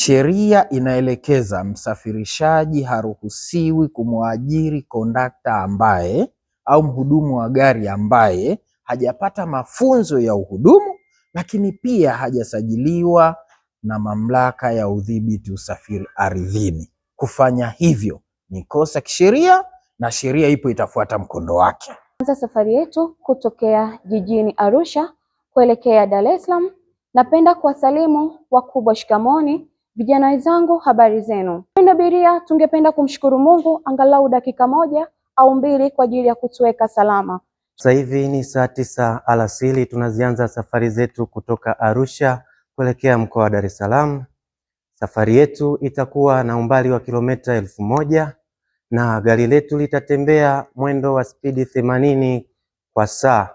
Sheria inaelekeza msafirishaji haruhusiwi kumwajiri kondakta ambaye au mhudumu wa gari ambaye hajapata mafunzo ya uhudumu, lakini pia hajasajiliwa na Mamlaka ya Udhibiti Usafiri Ardhini. Kufanya hivyo ni kosa kisheria na sheria ipo itafuata mkondo wake. Anza safari yetu kutokea jijini Arusha kuelekea Dar es Salaam. Napenda kuwasalimu wakubwa shikamoni Vijana wenzangu, habari zenu. Pendo Biria, tungependa kumshukuru Mungu angalau dakika moja au mbili kwa ajili ya kutuweka salama. Sasa hivi ni saa tisa alasiri, tunazianza safari zetu kutoka Arusha kuelekea mkoa wa Dar es Salaam. Safari yetu itakuwa na umbali wa kilomita elfu moja na gari letu litatembea mwendo wa spidi themanini kwa saa.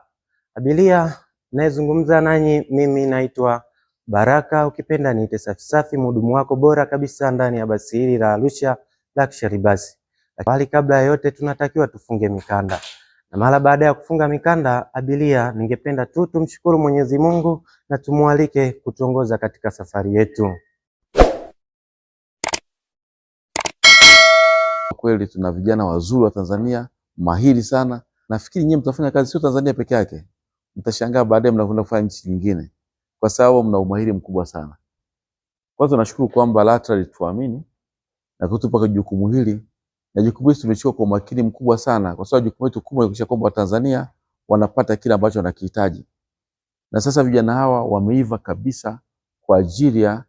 Abiria nayezungumza nanyi mimi naitwa Baraka ukipenda niite safi safi, mhudumu wako bora kabisa ndani ya basi hili la Arusha Luxury Bus. Bali kabla ya yote, tunatakiwa tufunge mikanda, na mara baada ya kufunga mikanda, abiria, ningependa tu tumshukuru Mwenyezi Mungu na tumwalike kutuongoza katika safari yetu. Kweli tuna vijana wazuri wa Tanzania mahiri sana. Nafikiri nyinyi mtafanya kazi sio Tanzania peke yake, mtashangaa baadaye mnakwenda kufanya nchi nyingine kwa sababu mna umahiri mkubwa sana. Kwanza nashukuru kwamba LATRA lituamini na kutupa jukumu hili, na jukumu hili tumechukua kwa umakini mkubwa sana, kwa sababu jukumu letu kubwa ni kuhakikisha kwamba Watanzania wanapata kile ambacho wanakihitaji, na sasa vijana hawa wameiva kabisa kwa ajili ya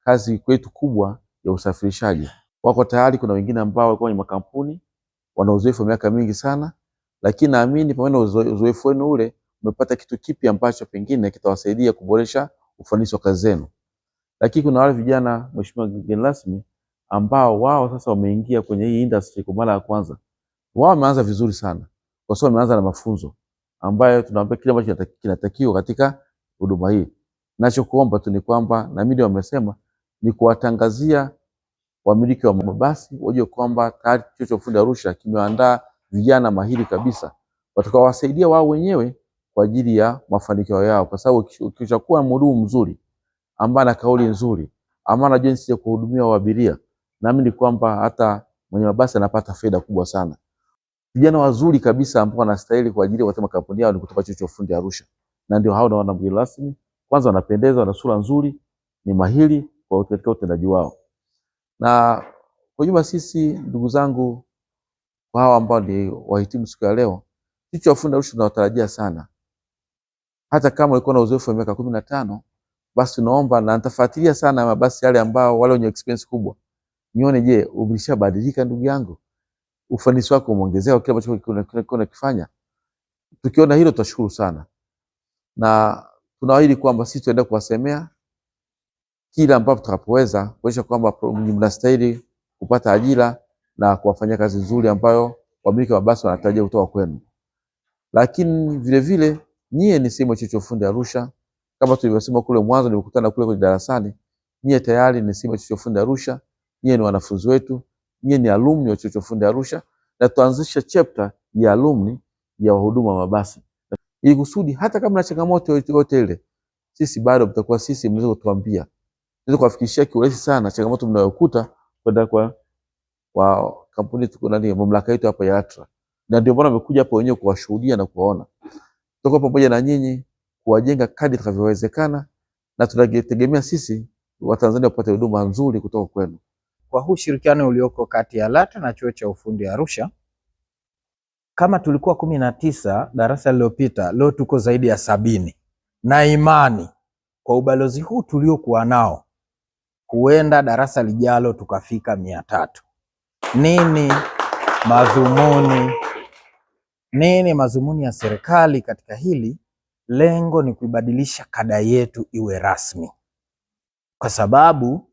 kazi kwetu kubwa ya usafirishaji. Wako tayari, kuna wengine ambao walikuwa kwenye makampuni wana uzoefu wa miaka mingi sana, lakini naamini pamoja na uzoefu wenu ule umepata kitu kipi ambacho pengine kitawasaidia kuboresha ufanisi wa kazi zenu. Lakini kuna wale vijana, mheshimiwa mgeni rasmi, ambao wao sasa wameingia kwenye hii industry kwa mara ya kwanza. Wao wameanza vizuri sana, kwa sababu wameanza na mafunzo ambayo tunawaambia kile ambacho kinatakiwa katika huduma hii. Nachokuomba tu ni kwamba na mimi wamesema ni kuwatangazia wamiliki wa mabasi waje kwamba tayari chuo cha ufundi Arusha kimeandaa vijana mahiri kabisa watakaowasaidia wao wenyewe kwa ajili ya mafanikio yao, kwa sababu ukishakuwa mhudumu mzuri ambaye ana kauli nzuri, ambaye ana jinsi ya kuhudumia waabiria, naamini kwamba hata mwenye mabasi anapata faida kubwa sana. Vijana wazuri kabisa ambao wanastahili kwa ajili ya kutoka kampuni yao ni kutoka Chuo cha Ufundi Arusha, na ndio hao naona mgeni rasmi. Kwanza wanapendeza, wana sura nzuri, ni mahiri kwa katika utendaji wao. Na kwa jumla sisi, ndugu zangu, kwa hao ambao ni wahitimu siku ya leo, Chuo cha Ufundi Arusha tunawatarajia sana hata kama ulikuwa na uzoefu wa miaka kumi na tano basi naomba na nitafuatilia sana mabasi yale ambao wale wenye experience kubwa, nione, je, ulishabadilika ndugu yangu? Ufanisi wako umeongezeka kile ambacho ulikuwa unakifanya? Tukiona hilo tutashukuru sana, na tunaahidi kwamba sisi tutaenda kuwasemea kila ambapo tutakapoweza kuonyesha kwamba mnastahili kupata ajira na kuwafanyia kazi nzuri ambayo wamiliki wa mabasi wanatarajia kutoka kwenu, lakini vilevile Nyie ni sehemu ya chuo cha ufundi Arusha, kama tulivyosema kule mwanzo, nilikutana kule kwenye darasani. Nyie tayari ni sehemu ya chuo cha ufundi Arusha, nyie ni wanafunzi wetu, nyie ni alumni wa chuo cha ufundi Arusha, na tuanzisha chapter ya alumni ya wahuduma wa mabasi, ili kusudi hata kama na changamoto yoyote ile, sisi bado mtakuwa sisi, mnaweza kutuambia, naweza kuwafikishia kiurahisi sana changamoto mnayokuta kwenda kwa wa kampuni tuko ndani ya mamlaka yetu hapa ya ATRA, na ndio maana amekuja hapa wenyewe kuwashuhudia na kuwaona tutakuwa pamoja na nyinyi kuwajenga kadri itakavyowezekana, na tunategemea sisi Watanzania wapate huduma nzuri kutoka kwenu. Kwa huu ushirikiano ulioko kati ya LATRA na chuo cha ufundi Arusha, kama tulikuwa kumi na tisa darasa lililopita, leo tuko zaidi ya sabini, na imani kwa ubalozi huu tuliokuwa nao, huenda darasa lijalo tukafika mia tatu. Nini madhumuni nini madhumuni ya serikali katika hili? Lengo ni kuibadilisha kada yetu iwe rasmi, kwa sababu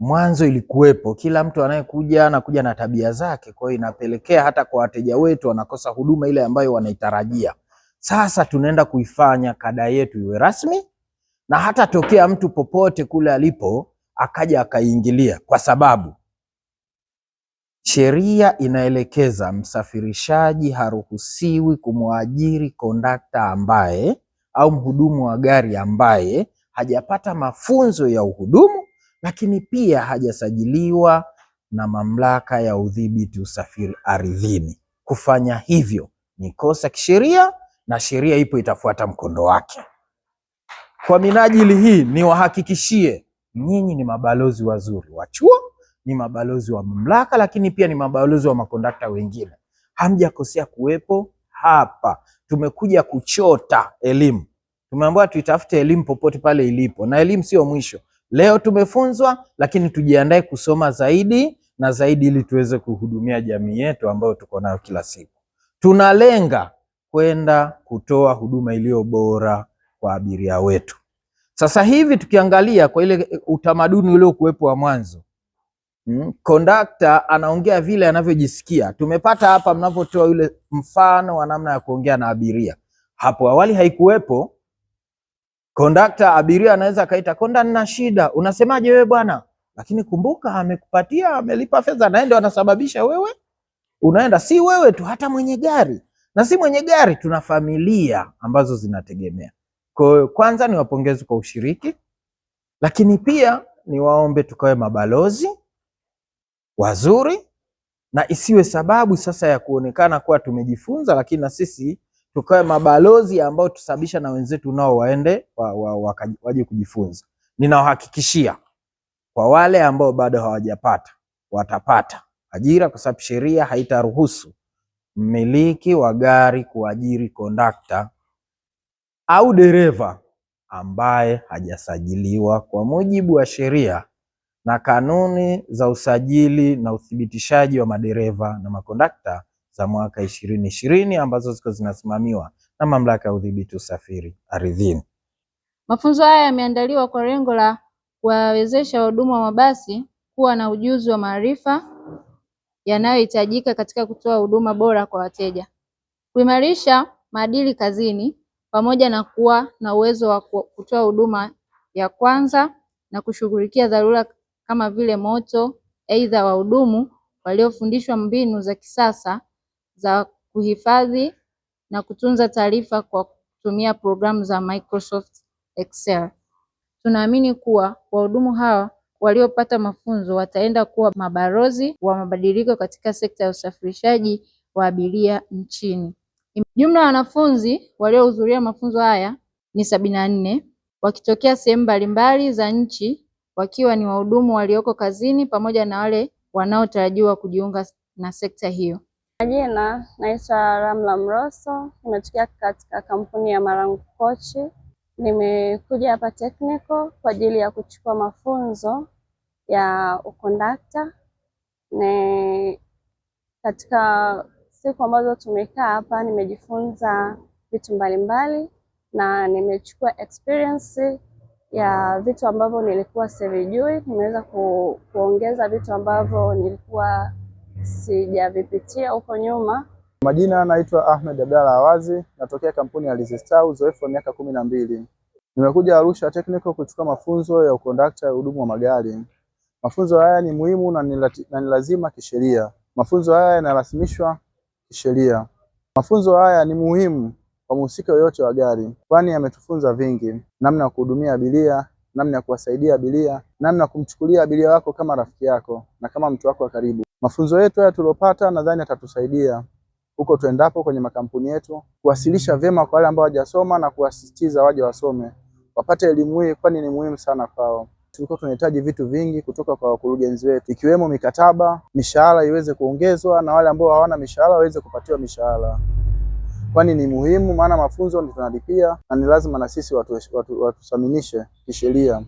mwanzo ilikuwepo, kila mtu anayekuja anakuja na tabia zake. Kwa hiyo inapelekea hata kwa wateja wetu wanakosa huduma ile ambayo wanaitarajia. Sasa tunaenda kuifanya kada yetu iwe rasmi, na hata tokea mtu popote kule alipo akaja akaingilia, kwa sababu Sheria inaelekeza msafirishaji haruhusiwi kumwajiri kondakta ambaye au mhudumu wa gari ambaye hajapata mafunzo ya uhudumu, lakini pia hajasajiliwa na Mamlaka ya Udhibiti Usafiri Ardhini. Kufanya hivyo ni kosa kisheria na sheria ipo itafuata mkondo wake. Kwa minajili hii, niwahakikishie nyinyi ni mabalozi wazuri wa chuo ni mabalozi wa mamlaka, lakini pia ni mabalozi wa makondakta wengine. Hamjakosea kuwepo hapa, tumekuja kuchota elimu. Tumeambiwa tuitafute elimu popote pale ilipo, na elimu sio mwisho. Leo tumefunzwa, lakini tujiandae kusoma zaidi na zaidi, ili tuweze kuhudumia jamii yetu ambayo tuko nayo kila siku. Tunalenga kwenda kutoa huduma iliyo bora kwa abiria wetu. Sasa hivi tukiangalia kwa ile utamaduni uliokuwepo wa mwanzo Hmm? Kondakta anaongea vile anavyojisikia. Tumepata hapa mnavyotoa yule mfano wa namna ya kuongea na abiria. Hapo awali haikuwepo. Kondakta, abiria anaweza akaita konda, nina shida, unasemaje wewe bwana? Lakini kumbuka, amekupatia amelipa fedha, naye ndio anasababisha wewe unaenda. Si wewe tu, hata mwenye gari na si mwenye gari, tuna familia ambazo zinategemea. Kwa hiyo kwanza niwapongeze kwa ushiriki, lakini pia niwaombe tukawe mabalozi wazuri na isiwe sababu sasa ya kuonekana kuwa tumejifunza, lakini na sisi tukawe mabalozi ambao tusababisha na wenzetu nao waende wa, wa, wa, waje kujifunza. Ninawahakikishia kwa wale ambao bado hawajapata watapata ajira, kwa sababu sheria haitaruhusu mmiliki wa gari kuajiri kondakta au dereva ambaye hajasajiliwa kwa mujibu wa sheria na kanuni za usajili na uthibitishaji wa madereva na makondakta za mwaka ishirini ishirini ambazo ziko zinasimamiwa na Mamlaka ya Udhibiti Usafiri Ardhini. Mafunzo haya yameandaliwa kwa lengo la kuwawezesha wahudumu wa mabasi kuwa na ujuzi wa maarifa yanayohitajika katika kutoa huduma bora kwa wateja, kuimarisha maadili kazini, pamoja na kuwa na uwezo wa kutoa huduma ya kwanza na kushughulikia dharura kama vile moto, aidha wahudumu waliofundishwa mbinu za kisasa za kuhifadhi na kutunza taarifa kwa kutumia programu za Microsoft Excel. Tunaamini kuwa wahudumu hawa waliopata mafunzo wataenda kuwa mabalozi wa mabadiliko katika sekta ya usafirishaji wa abiria nchini. Jumla ya wanafunzi waliohudhuria mafunzo haya ni sabini na nne wakitokea sehemu mbalimbali za nchi wakiwa ni wahudumu walioko kazini pamoja na wale wanaotarajiwa kujiunga na sekta hiyo. Majina naitwa Ramla Mroso, nimetokea katika kampuni ya Marangu Kochi. Nimekuja hapa technical kwa ajili ya kuchukua mafunzo ya ukondakta. Ni katika siku ambazo tumekaa hapa, nimejifunza vitu mbalimbali na nimechukua experience ya vitu ambavyo nilikuwa sivijui. Nimeweza ku, kuongeza vitu ambavyo nilikuwa sijavipitia huko nyuma. Majina naitwa Ahmed Abdalla Awazi, natokea kampuni ya Lizistar, uzoefu wa miaka kumi na mbili. Nimekuja Arusha Technical kuchukua mafunzo ya ukondakta ya hudumu wa magari. Mafunzo haya ni muhimu na ni lazima kisheria. Mafunzo haya yanarasimishwa kisheria. Mafunzo haya ni muhimu kwa mhusika yoyote wa gari, kwani ametufunza vingi: namna ya kuhudumia abiria, namna ya kuwasaidia abiria, namna ya kumchukulia abiria wako kama rafiki yako na kama mtu wako wa karibu. Mafunzo yetu haya tuliopata, nadhani yatatusaidia huko tuendapo kwenye makampuni yetu, kuwasilisha vyema kwa wale ambao hawajasoma na kuwasisitiza waje wasome, wapate elimu hii, kwani ni muhimu sana kwao. Tulikuwa tunahitaji vitu vingi kutoka kwa wakurugenzi wetu, ikiwemo mikataba, mishahara iweze kuongezwa, na wale ambao hawana mishahara waweze kupatiwa mishahara kwani ni muhimu, maana mafunzo tunalipia na ni lazima na sisi watu, watu, watu, kisheria.